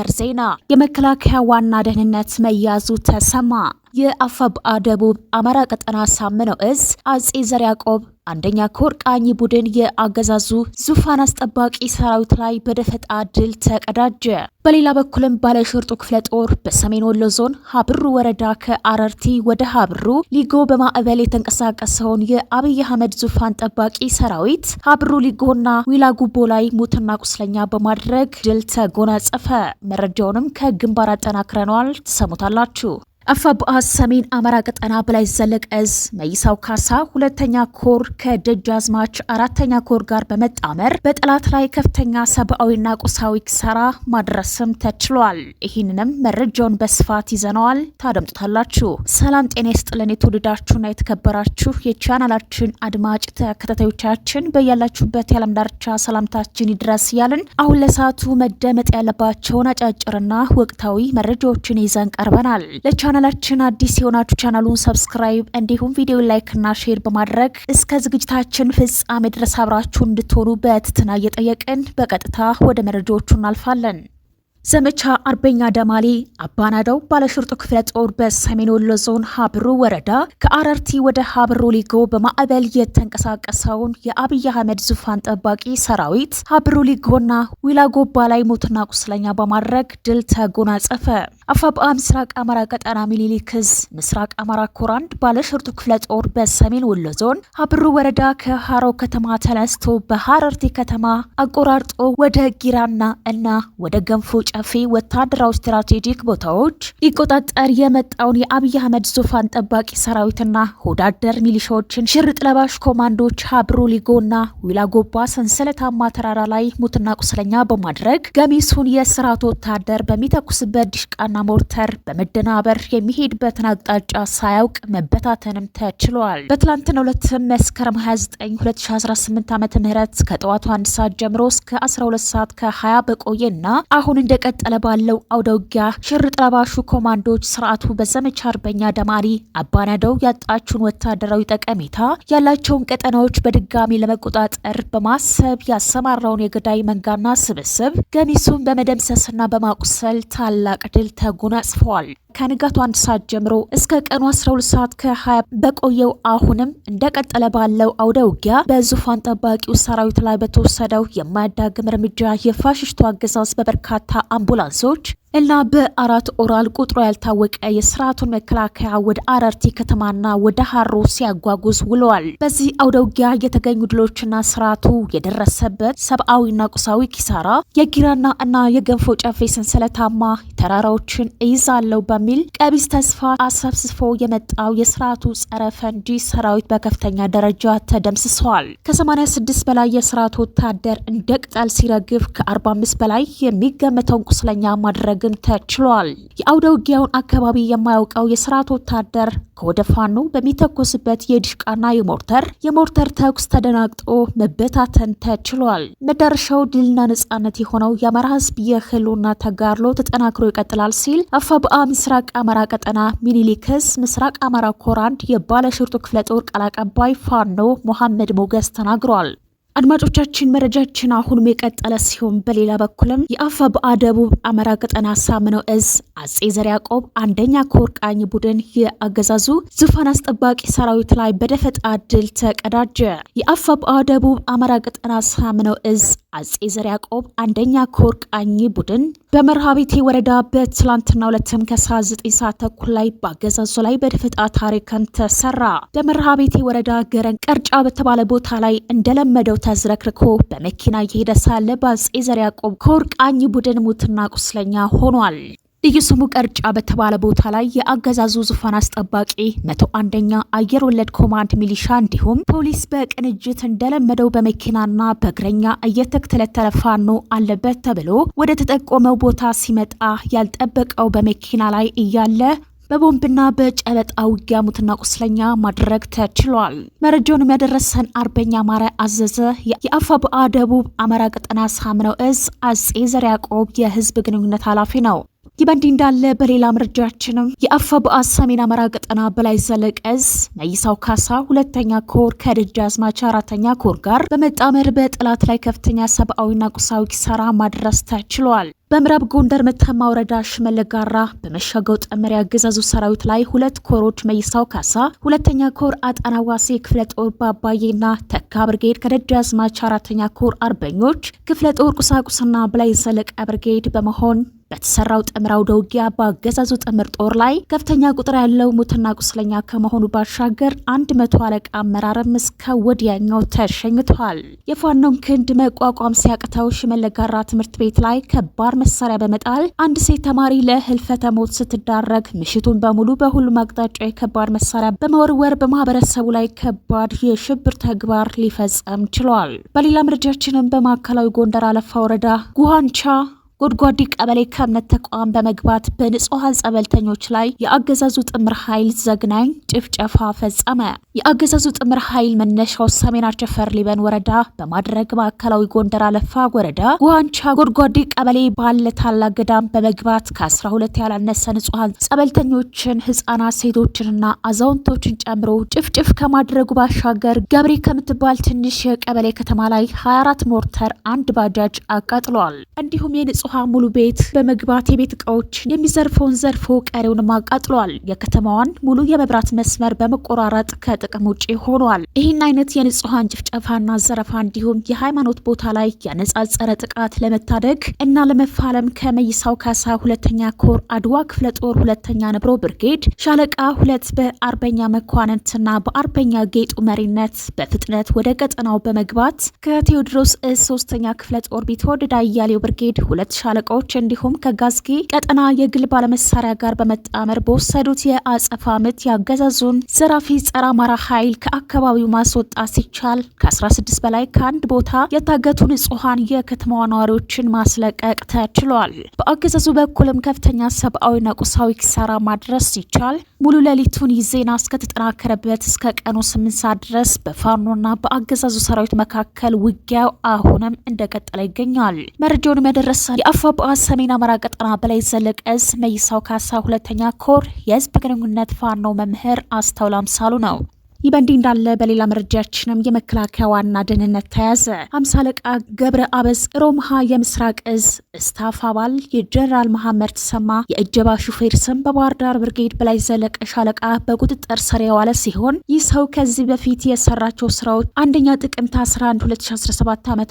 ሰበር ዜና የመከላከያ ዋና ደህንነት መያዙ ተሰማ። የአፋብአ ደቡብ አማራ ቀጠና ሳምነው እዝ አጼ ዘር ያዕቆብ አንደኛ ኮር ቃኝ ቡድን የአገዛዙ ዙፋን አስጠባቂ ሰራዊት ላይ በደፈጣ ድል ተቀዳጀ። በሌላ በኩልም ባለሽርጡ ክፍለ ጦር በሰሜን ወሎ ዞን ሀብሩ ወረዳ ከአረርቲ ወደ ሀብሩ ሊጎ በማዕበል የተንቀሳቀሰውን የአብይ አህመድ ዙፋን ጠባቂ ሰራዊት ሀብሩ ሊጎና ዊላ ጉቦ ላይ ሙትና ቁስለኛ በማድረግ ድል ተጎናጸፈ። መረጃውንም ከግንባር አጠናክረነዋል፣ ትሰሙታላችሁ። አፋብአ ሰሜን አማራ ቀጠና በላይ ዘለቀ እዝ መይሳው ካሳ ሁለተኛ ኮር ከደጃዝማች አራተኛ ኮር ጋር በመጣመር በጠላት ላይ ከፍተኛ ሰብአዊና ቁሳዊ ኪሳራ ማድረስም ተችሏል። ይህንንም መረጃውን በስፋት ይዘነዋል፣ ታደምጡታላችሁ። ሰላም ጤና ይስጥልን። የተወደዳችሁና የተከበራችሁ የቻናላችን አድማጭ ተከታታዮቻችን በያላችሁበት የዓለም ዳርቻ ሰላምታችን ይድረስ እያልን አሁን ለሰዓቱ መደመጥ ያለባቸውን አጫጭርና ወቅታዊ መረጃዎችን ይዘን ቀርበናል። ለቻናላችን አዲስ የሆናችሁ ቻናሉን ሰብስክራይብ እንዲሁም ቪዲዮ ላይክና ሼር በማድረግ እስከ ዝግጅታችን ፍጻሜ ድረስ አብራችሁ እንድትሆኑ በትህትና እየጠየቅን በቀጥታ ወደ መረጃዎቹ እናልፋለን። ዘመቻ አርበኛ ደማሌ አባናደው ባለሽርጡ ክፍለ ጦር በሰሜን ወሎ ዞን ሀብሩ ወረዳ ከአረርቲ ወደ ሀብሩ ሊጎ በማዕበል የተንቀሳቀሰውን የአብይ አህመድ ዙፋን ጠባቂ ሰራዊት ሀብሩ ሊጎና ዊላጎባ ላይ ሞትና ቁስለኛ በማድረግ ድል ተጎናጸፈ። አፋብአ ምስራቅ አማራ ቀጠና ሚኒሊክ እዝ ምስራቅ አማራ ኮር አንድ ባለሽርጡ ክፍለ ጦር በሰሜን ወሎ ዞን አብሩ ወረዳ ከሃሮ ከተማ ተነስቶ በሐረርቲ ከተማ አቆራርጦ ወደ ጊራና እና ወደ ገንፎ ጨፌ ወታደራዊ ስትራቴጂክ ቦታዎች ሊቆጣጠር የመጣውን የአብይ አህመድ ዙፋን ጠባቂ ሰራዊትና ሆዳደር ሚሊሻዎችን ሽርጥ ለባሽ ኮማንዶች ሀብሩ ሊጎና ዊላጎባ ሰንሰለታማ ተራራ ላይ ሙትና ቁስለኛ በማድረግ ገሚሱን የስርዓቱ ወታደር በሚተኩስበት ዲሽቃና ሞርተር በመደናበር የሚሄድበትን አቅጣጫ ሳያውቅ መበታተንም ተችሏል። በትላንትናው ሁለት መስከረም 29 2018 ዓ ም ከጠዋቱ አንድ ሰዓት ጀምሮ እስከ 12 ሰዓት ከ20 በቆየና አሁን እንደቀጠለ ባለው አውደውጊያ ሽርጥ ለባሹ ኮማንዶዎች ስርዓቱ በዘመቻ አርበኛ ደማሪ አባናደው ያጣችውን ወታደራዊ ጠቀሜታ ያላቸውን ቀጠናዎች በድጋሚ ለመቆጣጠር በማሰብ ያሰማራውን የገዳይ መንጋና ስብስብ ገሚሱን በመደምሰስና በማቁሰል ታላቅ ድል ተ ተጎናጽፈዋል። ከንጋቱ አንድ ሰዓት ጀምሮ እስከ ቀኑ 12 ሰዓት ከ20 በቆየው አሁንም እንደቀጠለ ባለው አውደ ውጊያ በዙፋን ጠባቂው ሰራዊት ላይ በተወሰደው የማያዳግም እርምጃ የፋሽሽቱ አገዛዝ በበርካታ አምቡላንሶች እና በአራት ኦራል ቁጥሩ ያልታወቀ የስርዓቱን መከላከያ ወደ አረርቲ ከተማና ወደ ሀሮ ሲያጓጉዝ ውለዋል። በዚህ አውደ ውጊያ የተገኙ ድሎችና ስርዓቱ የደረሰበት ሰብአዊና ቁሳዊ ኪሳራ የጊራና እና የገንፎ ጨፌ ሰንሰለታማ ተራራዎችን እይዛለሁ በሚል ቀቢስ ተስፋ አሰብስፎ የመጣው የስርዓቱ ጸረ ፈንጂ ሰራዊት በከፍተኛ ደረጃ ተደምስሰዋል። ከ86 በላይ የስርዓቱ ወታደር እንደ ቅጠል ሲረግፍ ከ45 በላይ የሚገመተውን ቁስለኛ ማድረግ ግን ተችሏል። የአውደ ውጊያውን አካባቢ የማያውቀው የስርዓት ወታደር ከወደ ፋኖ በሚተኮስበት የዲሽቃና የሞርተር የሞርተር ተኩስ ተደናግጦ መበታተን ተችሏል። መዳረሻው ድልና ነጻነት የሆነው የአማራ ህዝብ የህልውና ተጋድሎ ተጠናክሮ ይቀጥላል ሲል አፋብአ ምስራቅ አማራ ቀጠና ሚኒሊክስ ምስራቅ አማራ ኮራንድ የባለሽርጡ ክፍለ ጦር ቃል አቀባይ ፋኖ መሐመድ ሞገስ ተናግሯል። አድማጮቻችን መረጃችን አሁንም የቀጠለ ሲሆን በሌላ በኩልም የአፋ ደቡብ አማራ ቀጠና ሳምነው እዝ አጼ ዘር ያዕቆብ አንደኛ ኮርቃኝ ቡድን የአገዛዙ ዙፋን አስጠባቂ ሰራዊት ላይ በደፈጣ ድል ተቀዳጀ። የአፋ ደቡብ አማራ ቀጠና ሳምነው እዝ አጼ ዘር ያዕቆብ አንደኛ ኮርቃኝ ቡድን ቡድን በመርሃቤቴ ወረዳ በትላንትና ሁለትም ከሰዓት ዘጠኝ ሰዓት ተኩል ላይ በአገዛዙ ላይ በደፈጣ ታሪክን ተሰራ። በመርሃቤቴ ወረዳ ገረን ቀርጫ በተባለ ቦታ ላይ እንደለመደው ተዝረክርኮ በመኪና እየሄደ ሳለ በአጼ ዘር ያቆብ ከወርቃኝ ቡድን ሙትና ቁስለኛ ሆኗል። ልዩ ስሙ ቀርጫ በተባለ ቦታ ላይ የአገዛዙ ዙፋን አስጠባቂ መቶ አንደኛ አየር ወለድ ኮማንድ ሚሊሻ እንዲሁም ፖሊስ በቅንጅት እንደለመደው በመኪናና በእግረኛ እየተተለተለ ፋኖ አለበት ተብሎ ወደ ተጠቆመው ቦታ ሲመጣ ያልጠበቀው በመኪና ላይ እያለ በቦምብና በጨበጣ ውጊያ ሙትና ቁስለኛ ማድረግ ተችሏል። መረጃውንም ያደረሰን አርበኛ ማረ አዘዘ የአፋብአ ደቡብ አማራ ቀጠና ሳምነው እዝ አጼ ዘር ያዕቆብ የህዝብ ግንኙነት ኃላፊ ነው። ይህ በእንዲህ እንዳለ በሌላ መረጃችንም የአፋብአ ሰሜን አማራ ቀጠና በላይ ዘለቀዝ መይሳው ካሳ ሁለተኛ ኮር ከደጃዝማች አራተኛ ኮር ጋር በመጣመር በጠላት ላይ ከፍተኛ ሰብአዊና ቁሳዊ ኪሳራ ማድረስ ተችሏል። በምዕራብ ጎንደር መተማ ወረዳ ሽመለጋራ በመሸገው ጠመሪ ያገዛዙ ሰራዊት ላይ ሁለት ኮሮች መይሳው ካሳ ሁለተኛ ኮር አጣናዋሴ ክፍለ ጦር በአባዬና ተካ ብርጌድ ከደጃዝማች አራተኛ ኮር አርበኞች ክፍለ ጦር ቁሳቁስና በላይ ዘለቀ ብርጌድ በመሆን በተሰራው ጥምር አውደ ውጊያ በአገዛዙ ጥምር ጦር ላይ ከፍተኛ ቁጥር ያለው ሙትና ቁስለኛ ከመሆኑ ባሻገር አንድ መቶ አለቃ አመራርም እስከ ወዲያኛው ተሸኝተዋል። የፋኖን ክንድ መቋቋም ሲያቅተው ሽመለጋራ ትምህርት ቤት ላይ ከባድ መሳሪያ በመጣል አንድ ሴት ተማሪ ለህልፈተ ሞት ስትዳረግ ምሽቱን በሙሉ በሁሉም አቅጣጫ የከባድ መሳሪያ በመወርወር በማህበረሰቡ ላይ ከባድ የሽብር ተግባር ሊፈጸም ችሏል። በሌላ መረጃችንም በማዕከላዊ ጎንደር አለፋ ወረዳ ጉሃንቻ ጎድጓዲ ቀበሌ ከእምነት ተቋም በመግባት በንጹሐን ጸበልተኞች ላይ የአገዛዙ ጥምር ኃይል ዘግናኝ ጭፍጨፋ ፈጸመ። የአገዛዙ ጥምር ኃይል መነሻው ሰሜን አቸፈር ሊበን ወረዳ በማድረግ ማዕከላዊ ጎንደር አለፋ ወረዳ ጓንቻ ጎድጓዲ ቀበሌ ባለ ታላቅ ገዳም በመግባት ከ12 ያላነሰ ንጹሐን ጸበልተኞችን፣ ህጻናት፣ ሴቶችንና አዛውንቶችን ጨምሮ ጭፍጭፍ ከማድረጉ ባሻገር ገብሬ ከምትባል ትንሽ የቀበሌ ከተማ ላይ 24 ሞርተር፣ አንድ ባጃጅ አቃጥሏል። እንዲሁም የንጹ ንጹሐ ሙሉ ቤት በመግባት የቤት እቃዎች የሚዘርፈውን ዘርፎ ቀሪውንም አቃጥሏል። የከተማዋን ሙሉ የመብራት መስመር በመቆራረጥ ከጥቅም ውጪ ሆኗል። ይህን አይነት የንጹሐን ጭፍጨፋና ዘረፋ እንዲሁም የሃይማኖት ቦታ ላይ ያነጻጸረ ጥቃት ለመታደግ እና ለመፋለም ከመይሳው ካሳ ሁለተኛ ኮር አድዋ ክፍለ ጦር ሁለተኛ ንብሮ ብርጌድ ሻለቃ ሁለት በአርበኛ መኳንንትና በአርበኛ ጌጡ መሪነት በፍጥነት ወደ ቀጠናው በመግባት ከቴዎድሮስ እዝ ሶስተኛ ክፍለ ጦር ቢትወደድ አያሌው ብርጌድ ሁለት ሻለቃዎች እንዲሁም ከጋዝጊ ቀጠና የግል ባለመሳሪያ ጋር በመጣመር በወሰዱት የአጸፋ ምት ያገዛዙን ዘራፊ ጸረ አማራ ኃይል ከአካባቢው ማስወጣት ሲቻል ከ16 በላይ ከአንድ ቦታ የታገቱ ንጹሐን የከተማዋ ነዋሪዎችን ማስለቀቅ ተችሏል። በአገዛዙ በኩልም ከፍተኛ ሰብአዊና ቁሳዊ ኪሳራ ማድረስ ሲቻል ሙሉ ሌሊቱን ዜና እስከተጠናከረበት እስከ ቀኑ ስምንት ሰዓት ድረስ በፋኖና በአገዛዙ ሰራዊት መካከል ውጊያው አሁንም እንደቀጠለ ይገኛል። መረጃውን ያደረሰን አፋብአ ሰሜን አማራ ቀጠና በላይ ዘለቀ እዝ መይሳው ካሳ ሁለተኛ ኮር የህዝብ ግንኙነት ፋኖ መምህር አስተውላም ሳሉ ነው። ይህ በእንዲህ እንዳለ በሌላ መረጃችንም የመከላከያ ዋና ደህንነት ተያዘ። ሃምሳ አለቃ ገብረ አበዝ ሮምሃ የምስራቅ እዝ ስታፍ አባል የጀነራል መሐመድ ተሰማ የእጀባ ሹፌር ስም በባህር ዳር ብርጌድ በላይ ዘለቀ ሻለቃ በቁጥጥር ስር የዋለ ሲሆን ይህ ሰው ከዚህ በፊት የሰራቸው ስራዎች አንደኛ ጥቅምት 11 2017 ዓ ም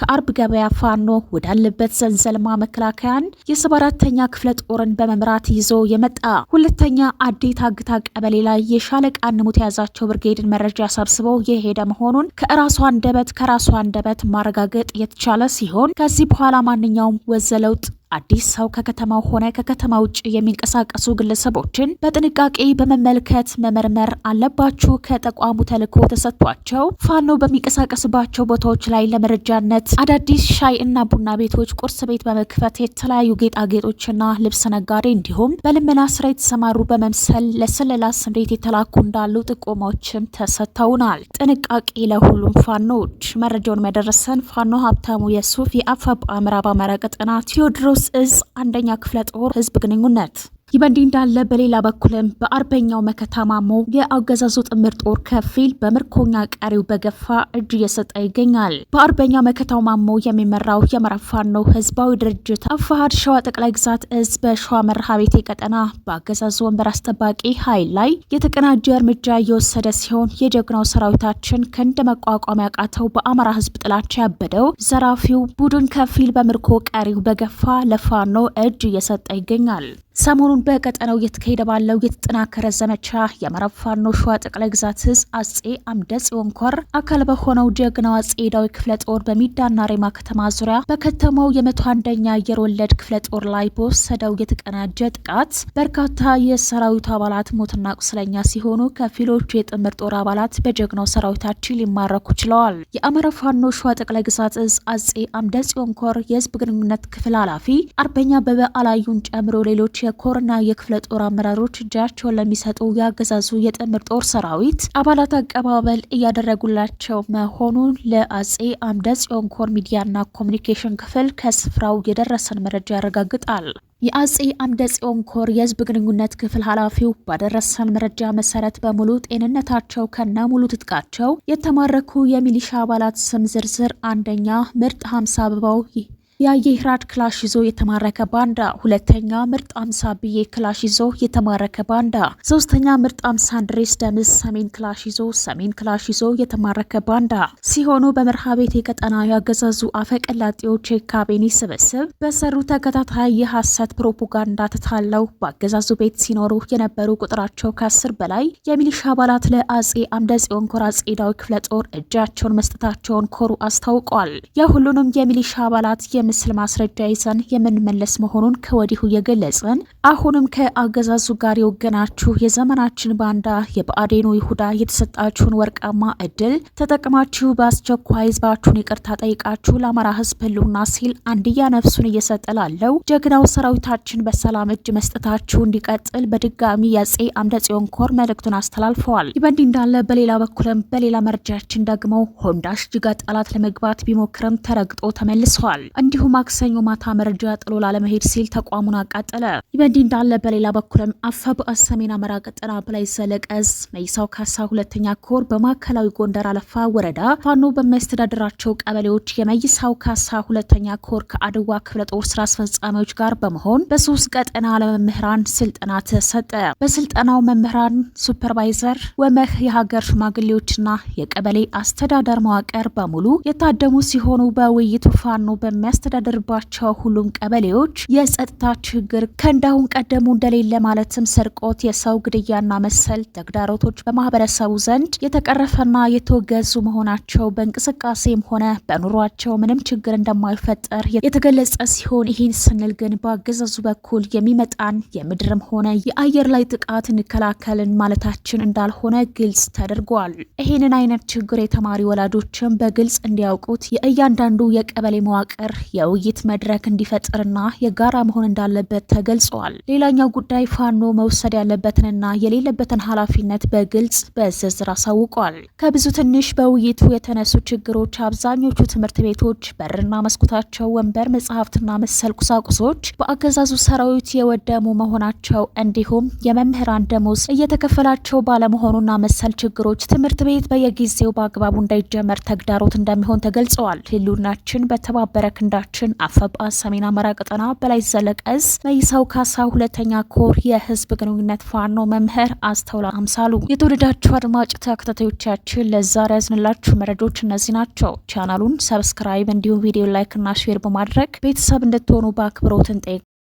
ከአርብ ገበያ ፋኖ ወዳለበት ዘንዘልማ መከላከያን የሰባ አራተኛ ክፍለ ጦርን በመምራት ይዞ የመጣ ሁለተኛ አዴት አግታ ቀበሌ ላይ የሻለቃ ንሙት የያዛቸው ብርጌድን መረጃ ሰብስበው የሄደ መሆኑን ከራሷ አንደበት ከራሷ አንደበት ማረጋገጥ የተቻለ ሲሆን ከዚህ በኋላ ማንኛውም ወዘ ለውጥ አዲስ ሰው ከከተማው ሆነ ከከተማ ውጭ የሚንቀሳቀሱ ግለሰቦችን በጥንቃቄ በመመልከት መመርመር አለባችሁ። ከተቋሙ ተልዕኮ ተሰጥቷቸው ፋኖ በሚንቀሳቀስባቸው ቦታዎች ላይ ለመረጃነት አዳዲስ ሻይ እና ቡና ቤቶች፣ ቁርስ ቤት በመክፈት የተለያዩ ጌጣጌጦችና ልብስ ነጋዴ እንዲሁም በልመና ስራ የተሰማሩ በመምሰል ለስለላ ስንዴት የተላኩ እንዳሉ ጥቆማዎችም ተሰጥተውናል። ጥንቃቄ ለሁሉም ፋኖዎች መረጃውን ያደረሰን ፋኖ ሀብታሙ የሱፍ የአፋ ምዕራብ አማራ ቀጠና ቴዎድሮ ቴዎድሮስ እዝ አንደኛ ክፍለ ጦር ህዝብ ግንኙነት ይህ በእንዲህ እንዳለ በሌላ በኩልም በአርበኛው መከታ ማሞ የአገዛዙ ጥምር ጦር ከፊል በምርኮኛ ቀሪው በገፋ እጅ እየሰጠ ይገኛል። በአርበኛው መከታው ማሞ የሚመራው የምዕራብ ፋኖ ህዝባዊ ድርጅት አፋሃድ ሸዋ ጠቅላይ ግዛት እዝ በሸዋ መርሃ ቤቴ ቀጠና በአገዛዙ ወንበር አስጠባቂ ኃይል ላይ የተቀናጀ እርምጃ እየወሰደ ሲሆን የጀግናው ሰራዊታችን ክንድ መቋቋም ያቃተው በአማራ ህዝብ ጥላቻ ያበደው ዘራፊው ቡድን ከፊል በምርኮ ቀሪው በገፋ ለፋኖ እጅ እየሰጠ ይገኛል። ሰሞኑን በቀጠናው እየተካሄደ ባለው የተጠናከረ ዘመቻ የምዕራብ ፋኖ ሸዋ ጠቅላይ ግዛት እዝ አጼ አምደ ጽዮን ኮር አካል በሆነው ጀግናው አጼ ዳዊ ክፍለ ጦር በሚዳና ሬማ ከተማ ዙሪያ በከተማው የመቶ አንደኛ አየር ወለድ ክፍለ ጦር ላይ በወሰደው የተቀናጀ ጥቃት በርካታ የሰራዊቱ አባላት ሞትና ቁስለኛ ሲሆኑ ከፊሎቹ የጥምር ጦር አባላት በጀግናው ሰራዊታችን ሊማረኩ ችለዋል። የአማራ ፋኖ ሸዋ ጠቅላይ ግዛት እዝ አጼ አምደ ጽዮን ኮር የህዝብ ግንኙነት ክፍል ኃላፊ አርበኛ በበዓላዩን ጨምሮ ሌሎች የኮርና የክፍለ ጦር አመራሮች እጃቸውን ለሚሰጡ ያገዛዙ የጥምር ጦር ሰራዊት አባላት አቀባበል እያደረጉላቸው መሆኑን ለአጼ አምደ ጽዮን ኮር ሚዲያና ኮሚኒኬሽን ክፍል ከስፍራው የደረሰን መረጃ ያረጋግጣል። የአጼ አምደ ጽዮን ኮር የህዝብ ግንኙነት ክፍል ኃላፊው ባደረሰን መረጃ መሰረት በሙሉ ጤንነታቸው ከነ ሙሉ ትጥቃቸው የተማረኩ የሚሊሻ አባላት ስም ዝርዝር አንደኛ ምርጥ ሀምሳ አበባው የአየህራድ ክላሽ ይዞ የተማረከ ባንዳ፣ ሁለተኛ ምርጥ አምሳ ብዬ ክላሽ ይዞ የተማረከ ባንዳ፣ ሶስተኛ ምርጥ አምሳ አንድሬስ ደምስ ሰሜን ክላሽ ይዞ ሰሜን ክላሽ ይዞ የተማረከ ባንዳ ሲሆኑ በመርሃ ቤት የቀጠና ያገዛዙ አፈቀላጤዎች የካቢኔ ስብስብ በሰሩ ተከታታይ የሀሰት ፕሮፓጋንዳ ተታለው በአገዛዙ ቤት ሲኖሩ የነበሩ ቁጥራቸው ከአስር በላይ የሚሊሻ አባላት ለአጼ አምደ ጽዮን ኮር አጼ ዳዊ ክፍለ ጦር እጃቸውን መስጠታቸውን ኮሩ አስታውቋል። የሁሉንም የሚሊሻ አባላት የምስል ማስረጃ ይዘን የምንመለስ መሆኑን ከወዲሁ የገለጽን፣ አሁንም ከአገዛዙ ጋር የወገናችሁ የዘመናችን ባንዳ የብአዴኑ ይሁዳ የተሰጣችሁን ወርቃማ እድል ተጠቅማችሁ በአስቸኳይ ህዝባችሁን ይቅርታ ጠይቃችሁ ለአማራ ህዝብ ህልውና ሲል አንድያ ነፍሱን እየሰጠ ላለው ጀግናው ሰራዊታችን በሰላም እጅ መስጠታችሁ እንዲቀጥል በድጋሚ የአፄ አምደ ጽዮን ኮር መልእክቱን አስተላልፈዋል። ይህ በእንዲህ እንዳለ በሌላ በኩልም በሌላ መረጃችን ደግሞ ሆንዳ ሽጅጋ ጠላት ለመግባት ቢሞክርም ተረግጦ ተመልሰዋል። እንዲሁ ማክሰኞ ማታ መረጃ ጥሎ ላለመሄድ ሲል ተቋሙን አቃጠለ። ይበንዲ እንዳለ በሌላ በኩልም አፋብአ ሰሜን አመራ ቀጠና በላይ ዘለቀዝ መይሳው ካሳ ሁለተኛ ኮር በማዕከላዊ ጎንደር አለፋ ወረዳ ፋኖ በሚያስተዳድራቸው ቀበሌዎች የመይሳው ካሳ ሁለተኛ ኮር ከአድዋ ክፍለ ጦር ስራ አስፈጻሚዎች ጋር በመሆን በሶስት ቀጠና ለመምህራን ስልጠና ተሰጠ። በስልጠናው መምህራን፣ ሱፐርቫይዘር ወመህ የሀገር ሽማግሌዎችና የቀበሌ አስተዳደር መዋቅር በሙሉ የታደሙ ሲሆኑ በውይይቱ ፋኖ በሚያስ በሚያስተዳድርባቸው ሁሉም ቀበሌዎች የጸጥታ ችግር ከእንዳሁን ቀደሙ እንደሌለ ማለትም ስርቆት፣ የሰው ግድያና መሰል ተግዳሮቶች በማህበረሰቡ ዘንድ የተቀረፈና የተወገዙ መሆናቸው በእንቅስቃሴም ሆነ በኑሯቸው ምንም ችግር እንደማይፈጠር የተገለጸ ሲሆን ይህን ስንል ግን በአገዛዙ በኩል የሚመጣን የምድርም ሆነ የአየር ላይ ጥቃት እንከላከልን ማለታችን እንዳልሆነ ግልጽ ተደርጓል። ይህንን አይነት ችግር የተማሪ ወላጆችን በግልጽ እንዲያውቁት የእያንዳንዱ የቀበሌ መዋቅር የውይይት መድረክ እንዲፈጥርና የጋራ መሆን እንዳለበት ተገልጿል። ሌላኛው ጉዳይ ፋኖ መውሰድ ያለበትንና የሌለበትን ኃላፊነት በግልጽ በዝርዝር አሳውቋል። ከብዙ ትንሽ በውይይቱ የተነሱ ችግሮች አብዛኞቹ ትምህርት ቤቶች በርና መስኮታቸው ወንበር፣ መጽሐፍትና መሰል ቁሳቁሶች በአገዛዙ ሰራዊት የወደሙ መሆናቸው እንዲሁም የመምህራን ደሞዝ እየተከፈላቸው ባለመሆኑና መሰል ችግሮች ትምህርት ቤት በየጊዜው በአግባቡ እንዳይጀመር ተግዳሮት እንደሚሆን ተገልጸዋል። ህልውናችን በተባበረ ክንዳ አገራችን አፈባ ሰሜን አማራ ቀጠና በላይ ዘለቀዝ መይሳው ካሳ ሁለተኛ ኮር የህዝብ ግንኙነት ፋኖ መምህር አስተውላ አምሳሉ። የተወደዳችሁ አድማጭ ተከታታዮቻችን ለዛሬ ያዝንላችሁ መረጃዎች እነዚህ ናቸው። ቻናሉን ሰብስክራይብ እንዲሁም ቪዲዮ ላይክና ሼር በማድረግ ቤተሰብ እንድትሆኑ በአክብሮት እንጠይቃለን።